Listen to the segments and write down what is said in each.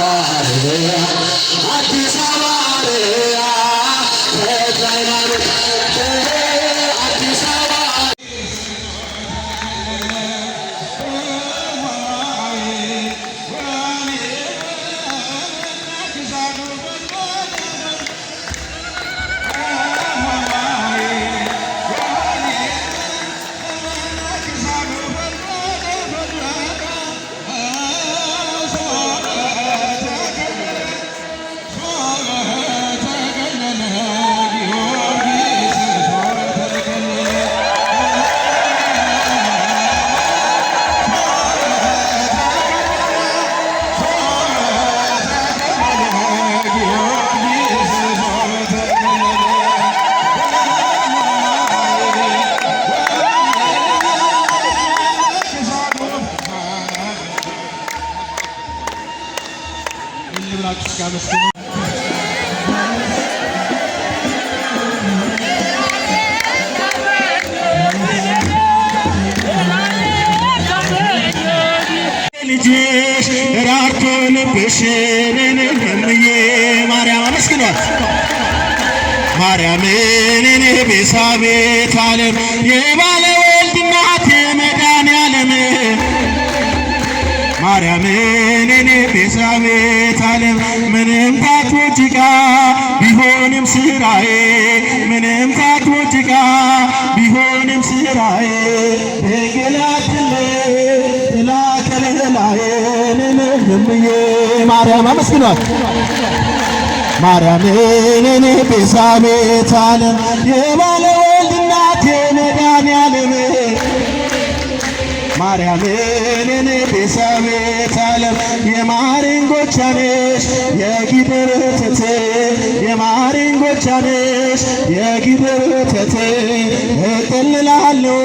Allah. ምንም ታትወጅጋ ቢሆንም ስራዬ ምንም ታትወጅጋ ቢሆንም ስራዬ ደገላትል ተላከለላዬ ህምዬ ማርያም አመስግኗል። ማርያም ቤዛቤት አለ የባለ ማርያምን እኔ ዓለም የማሬን የጊደር ወተት የማሬን የጊደር ወተት እጠልላለሁ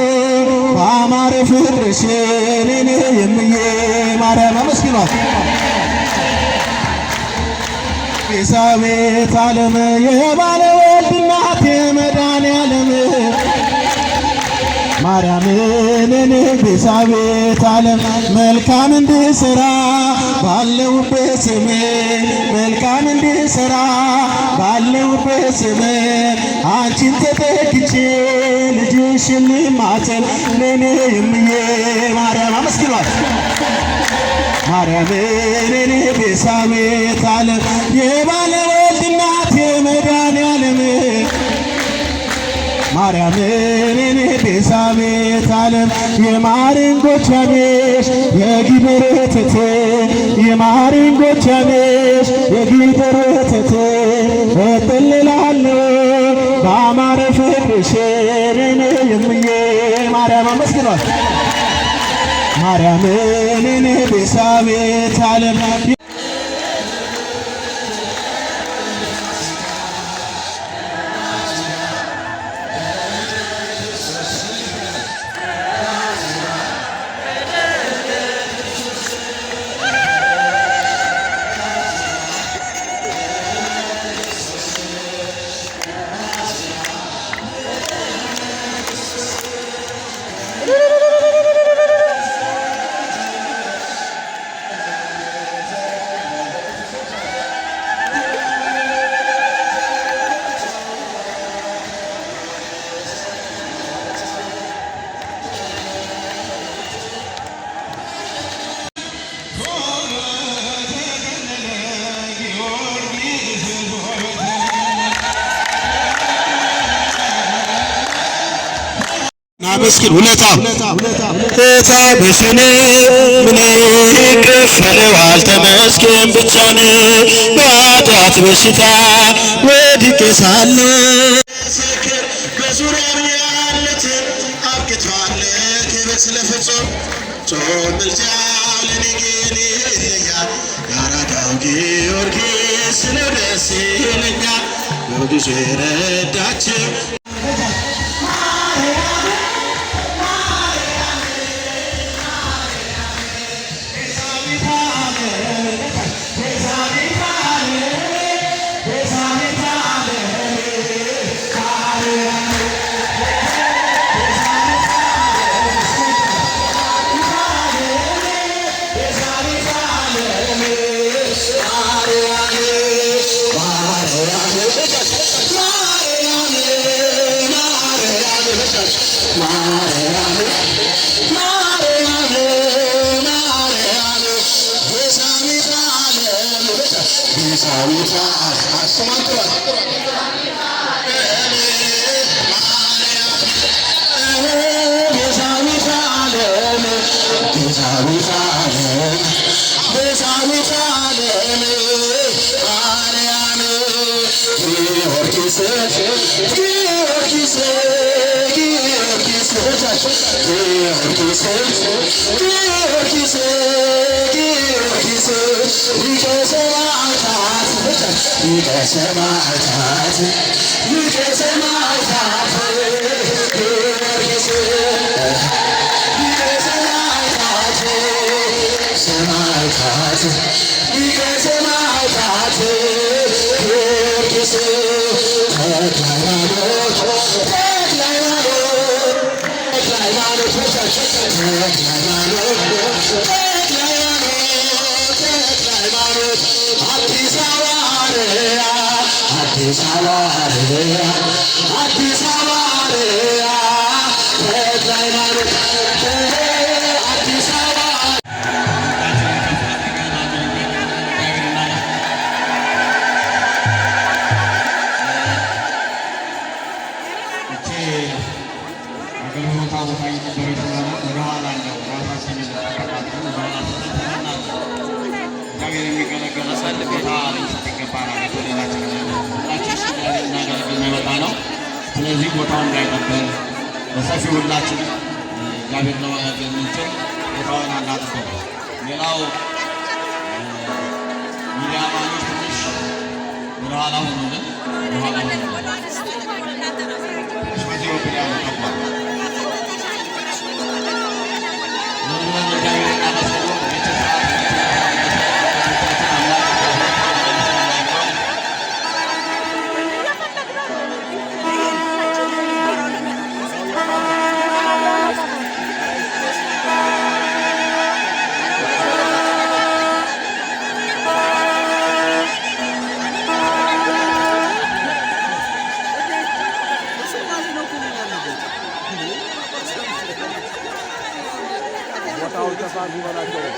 በአማረ ፍቅርሽ እኔ የምዬ ማርያም አመስግኗል። ቤዛቤት ዓለም የባለ ማርያምን ንግሳ ቤት አለም መልካም እንድስራ ባለውበት ስሜ መልካም እንድስራ ባለውበት ስሜ አንቺን ተጠግቼ ልጅሽን ልማትን ነኔ እምዬ ማርያም አመስግኗል። ማርያምን ንግሳ ቤት አለም የባለ ማርያምን ቤዛቤት ዓለም የማርን ጎጃሜሽ የጊበረተቴ የማርን ጎጃሜሽ የጊበረተቴ እጥልላለሁ በአማረ ፍቅርሽ የምዬ ማርያም አመስግኗል ማርያምን ቤዛቤት ዓለም ምስኪን ውለታ እታ በሽኔ ምን ይከፈለዋል? ተመስገን ብቻ ነው። በኃጢአት በሽታ ወድቄ ሳለ ጊዮርጊስ ነው ደስ ይለኛ በጊዜ ረዳችን Thank you. ሰማዕታት ሰማዕታት ሰማዕታት I'm ቦታው እንዳይጠበል በሰፊ ሁላችን እግዚአብሔር ለማያዝ የምንችል ቦታውን አናጥበው። ሌላው ሚዲያ ማኖች ትንሽ ወደኋላ ሆኖልን ወደኋላ ሆኖልን alta, va a arribar la cola.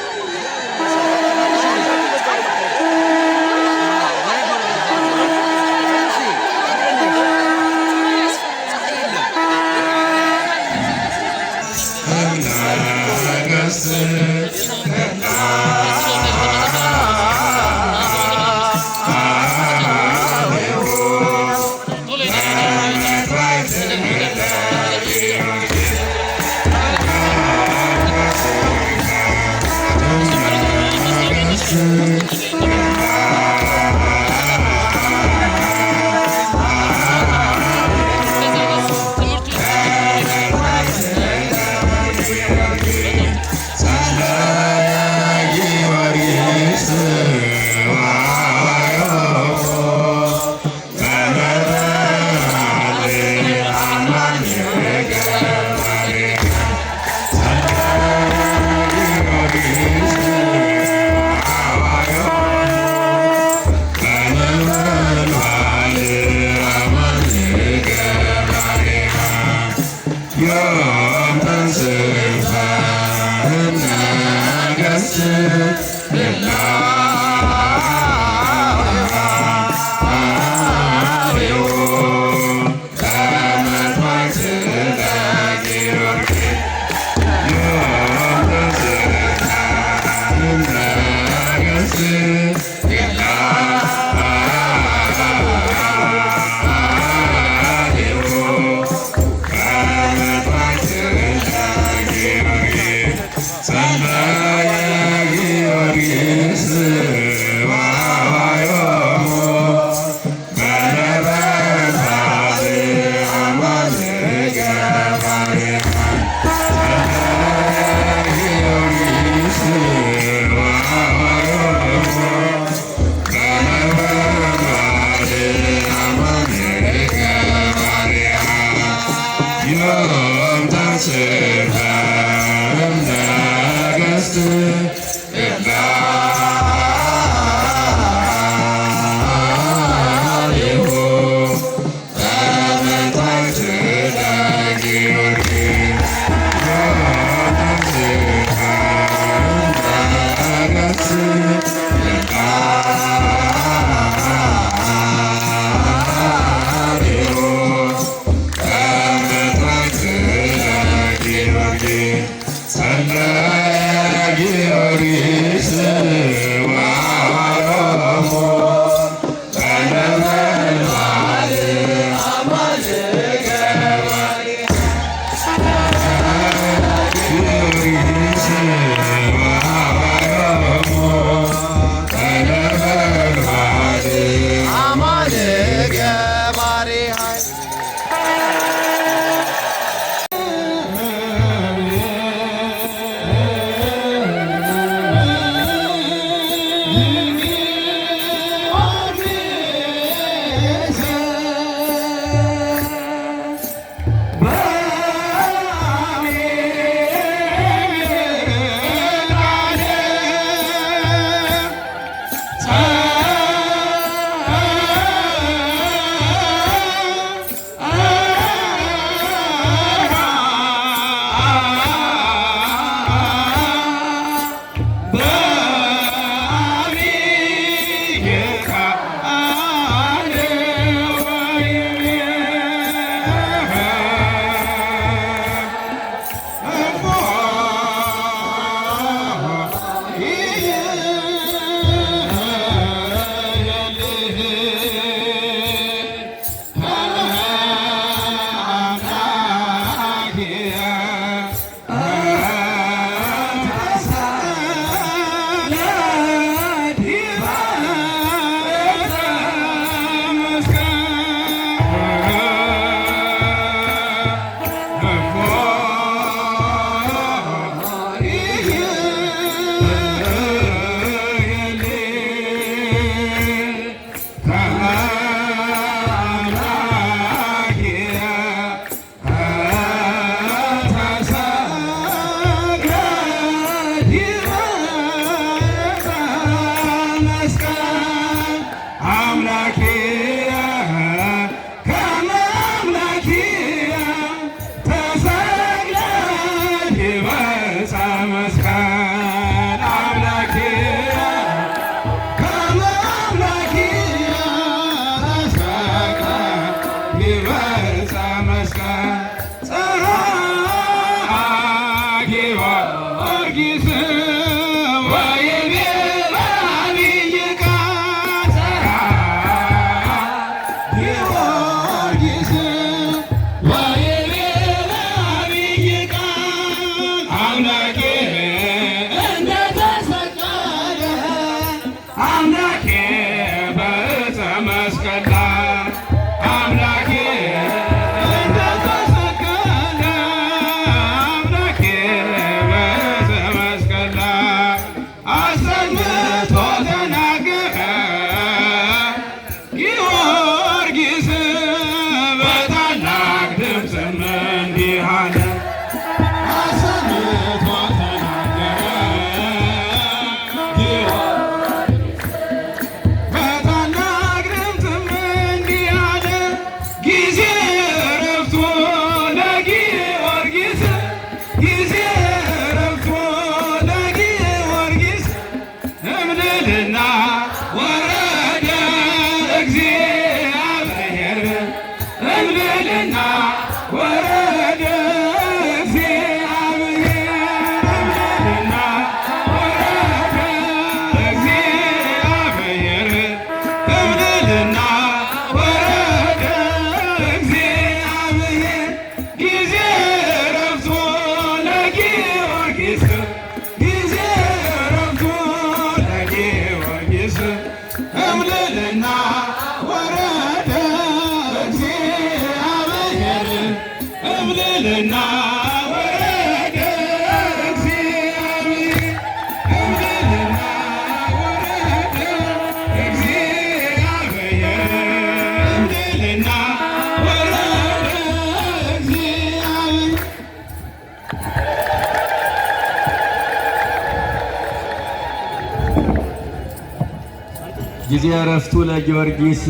በጊዜ እረፍቱ ለጊዮርጊስ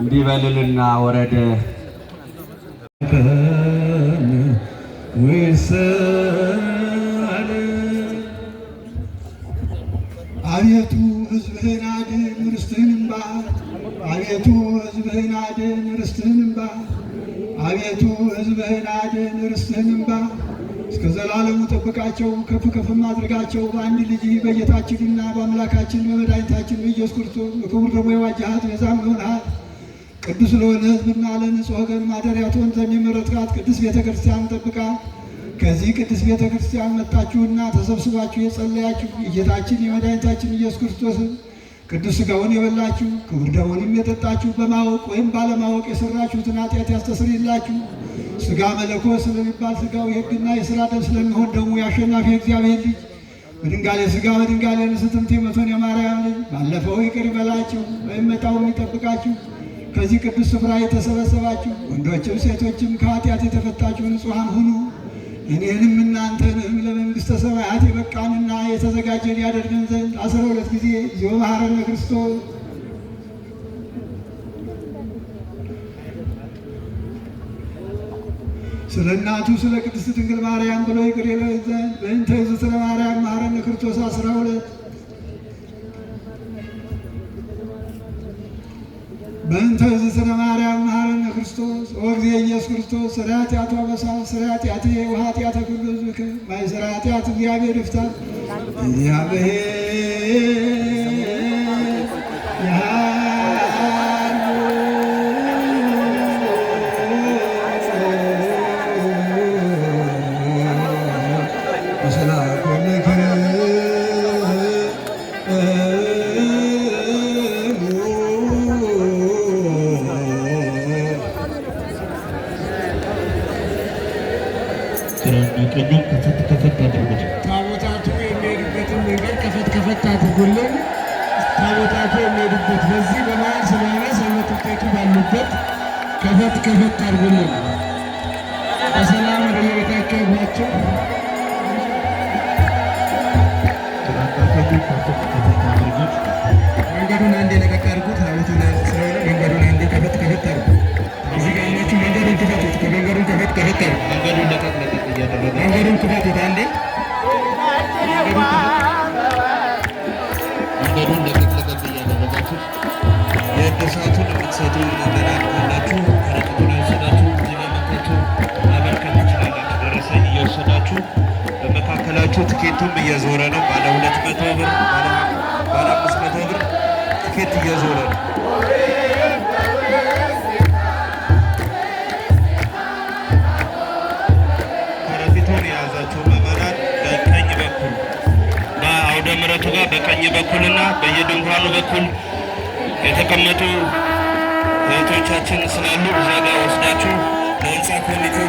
እንዲበልልና ወረደ ቅዱስ ክርቱም ክቡር ደግሞ የዋጃሃት ቤዛም ይሆንሃት ቅዱስ ለሆነ ሕዝብና ለንጹሕ ወገን ማደሪያ ትሆን ዘንድ የመረጥካት ቅዱስ ቤተ ክርስቲያን ጠብቃት። ከዚህ ቅዱስ ቤተ ክርስቲያን መጣችሁና ተሰብስባችሁ የጸለያችሁ የጌታችን የመድኃኒታችን ኢየሱስ ክርስቶስን ቅዱስ ስጋውን የበላችሁ ክቡር ደሙንም የጠጣችሁ በማወቅ ወይም ባለማወቅ የሰራችሁትን ኃጢአት ያስተስርይላችሁ። ስጋ መለኮት ስለሚባል ስጋው የህግና የስራ ደም ስለሚሆን ደግሞ የአሸናፊ እግዚአብሔር ልጅ በድንጋሌ ስጋ በድንጋሌ ንስትምቲ ጥንት የሞተውን የማርያም ልጅ ባለፈው ይቅር ይበላችሁ ወይም በሚመጣው የሚጠብቃችሁ ከዚህ ቅዱስ ስፍራ የተሰበሰባችሁ ወንዶችም ሴቶችም ከኃጢአት የተፈታችሁ ንጹሐን ሁኑ እኔንም እናንተንም ለመንግሥተ ሰማያት የበቃንና የተዘጋጀን ያደርገን ዘንድ አስራ ሁለት ጊዜ ዚዮ ማሐረነ ክርስቶስ ስለ እናቱ ስለ ቅድስት ድንግል ማርያም ብሎ ይቅር ይለን ዘንድ በእንተ ስለ ማርያም ማረነ ክርስቶስ አስራ ሁለት በእንተ ስለ ማርያም ማረነ ክርስቶስ ወግዜ ኢየሱስ ክርስቶስ ስለ ኃጢአቱ አበሳ ስለ ኃጢአቴ ወኃጢአተ ኩሉ ሕዝብከ ማይ ስለ ኃጢአት እግዚአብሔር ይፍታ እግዚአብሔር হচ্ছে ትኬቱም እየዞረ ነው። ባለ ሁለት መቶ ብር፣ ባለ አምስት መቶ ብር ትኬት እየዞረ ነው። ከረጢቱን ጋር በቀኝ በኩልና በየድንኳኑ በኩል የተቀመጡ እህቶቻችን ስላሉ እዛ ጋር ወስዳችሁ ለህንፃ ኮሚቴው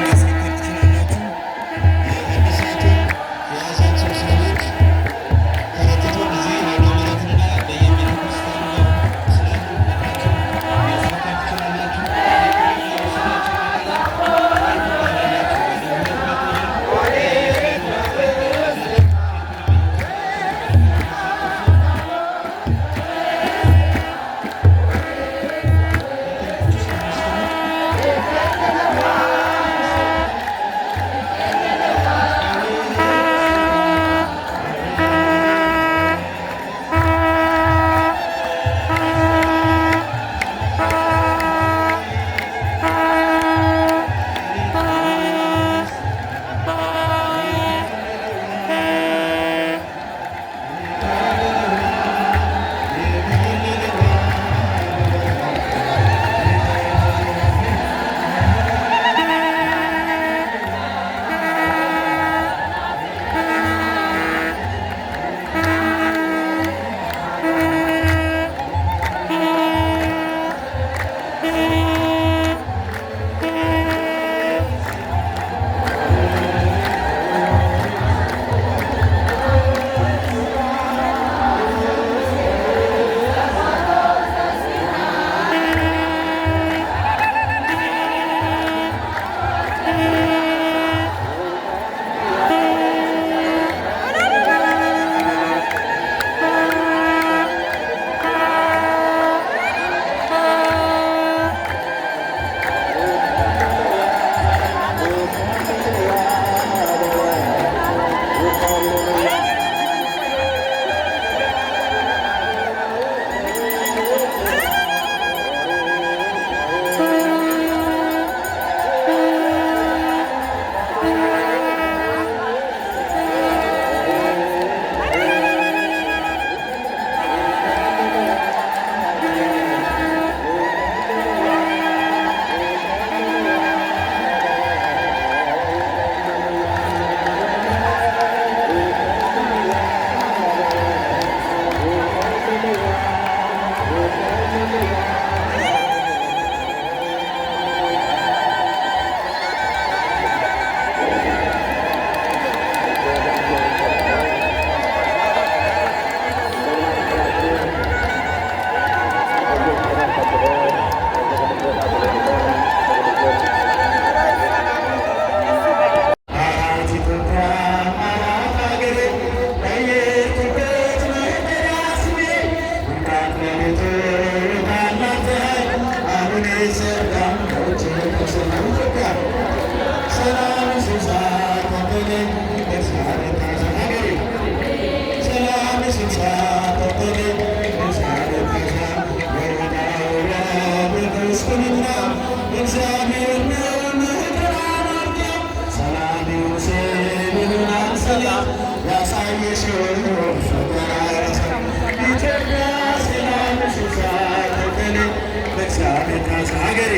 ሀገሬ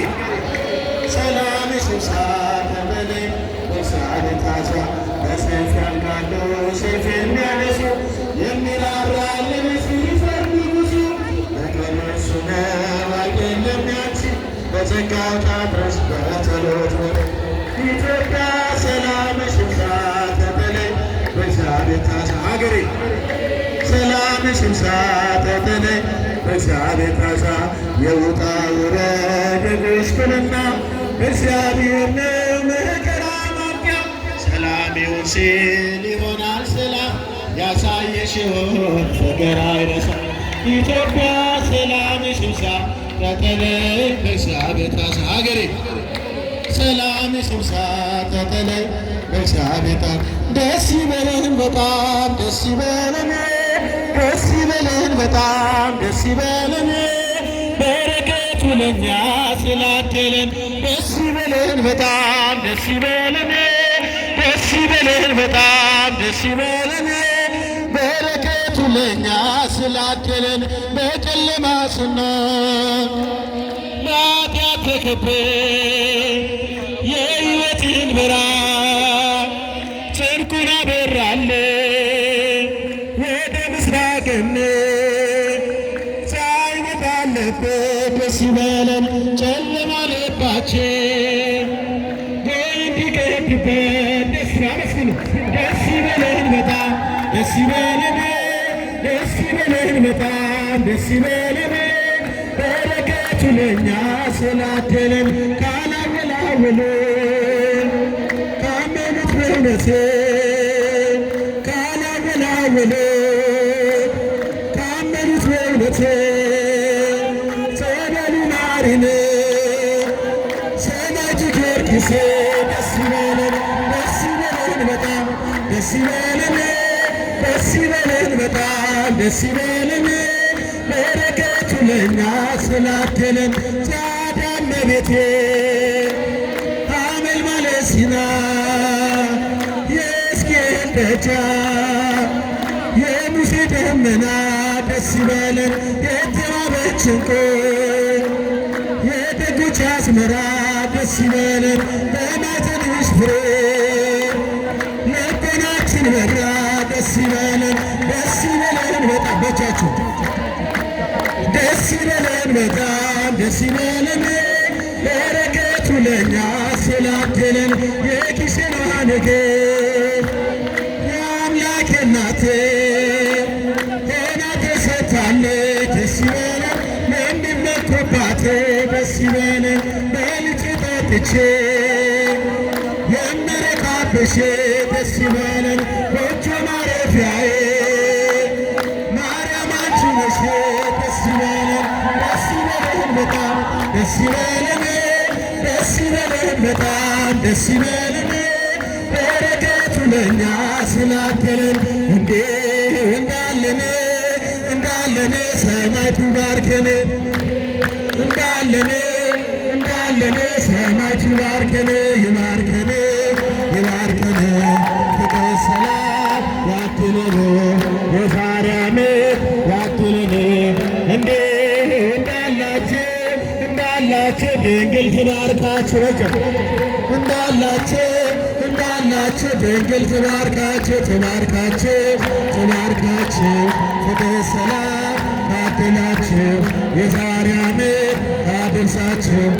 ሰላም ስሳ ተበሌ ሳነታሳ በሰይፍ ያልቃለው ሰይፍ የሚያነሱ የሚራራልን ሲፈልጉሱ በቀነሱ ነዋቄ የሚያንስ ሀገሬ ሰላም ስሳ ተበሌ በሳ ቤታሳ የውጣ ውረድ እግዚአብሔር ነው መከራ ማብቂያ ሰላም ይሁን ሲል ይሆናል ሰላም ኢትዮጵያ ሰላም ሀገሬ ሰላም ደስ ይበለን በጣም ደስ ይበለን ደስ ይበልን፣ በጣም ደስ ይበልን፣ በረከቱ ለኛ ስላደለን ደስ ይበልን፣ በጣም ደስ ይበልን፣ ደስ ይበልን፣ በጣም ደስ ይበልን፣ በረከቱ ለኛ ስላደለን በጨለማ ስንሆን በኃጢአት ተከበን የሕይወትን ብርሃን ደስ ደስ በጣም ደስ በረከቱ ስላደለን ካመኑት ደስ ይበልን በረከቱ ለኛ ስላደለን ጻዳነ ቤቴ አመል ማለሲና የስኬል ደጃ የሙሴ ደመና ደስ ይበለን የተዋበችንቆ የደጎች አስመራ ደስ ይበለን በማኅፀንሽ ፍሬ ልቦናችን በራ ደስ ይበለን ደስ ይበለን veda betetu ደስበለን በጣም ደስ ይበለን በረከቱ ለኛ ስላደለን የኪስና ነገ የአምላክ እናት ጤና ተሰጥታለች። ደስ ይበለን ምንድመኮባት ደስ ይበለን በልጭ ጠጥቼ የምረካብሽ ደስ ይበለን ጎጆ ማረፊያዬ ደስ ይበለን፣ ደስ ይበለን፣ በጣም ደስ ይበለን። በረከቱ ለእኛ ስላደለን እንዴ እንዳለን እንዳለን ሰማይቱ ባርከን እንዳለን እንዳለን ሰማይቱ ባርከን ይባርከን ተባረከው እንዳላችሁ እንዳላችሁ ድንግል ተባርካችሁ ተባርካችሁ ተባርካችሁ ፍቅር ሰላም ታድላችሁ የዛሬ ዓመት አድርሳችሁ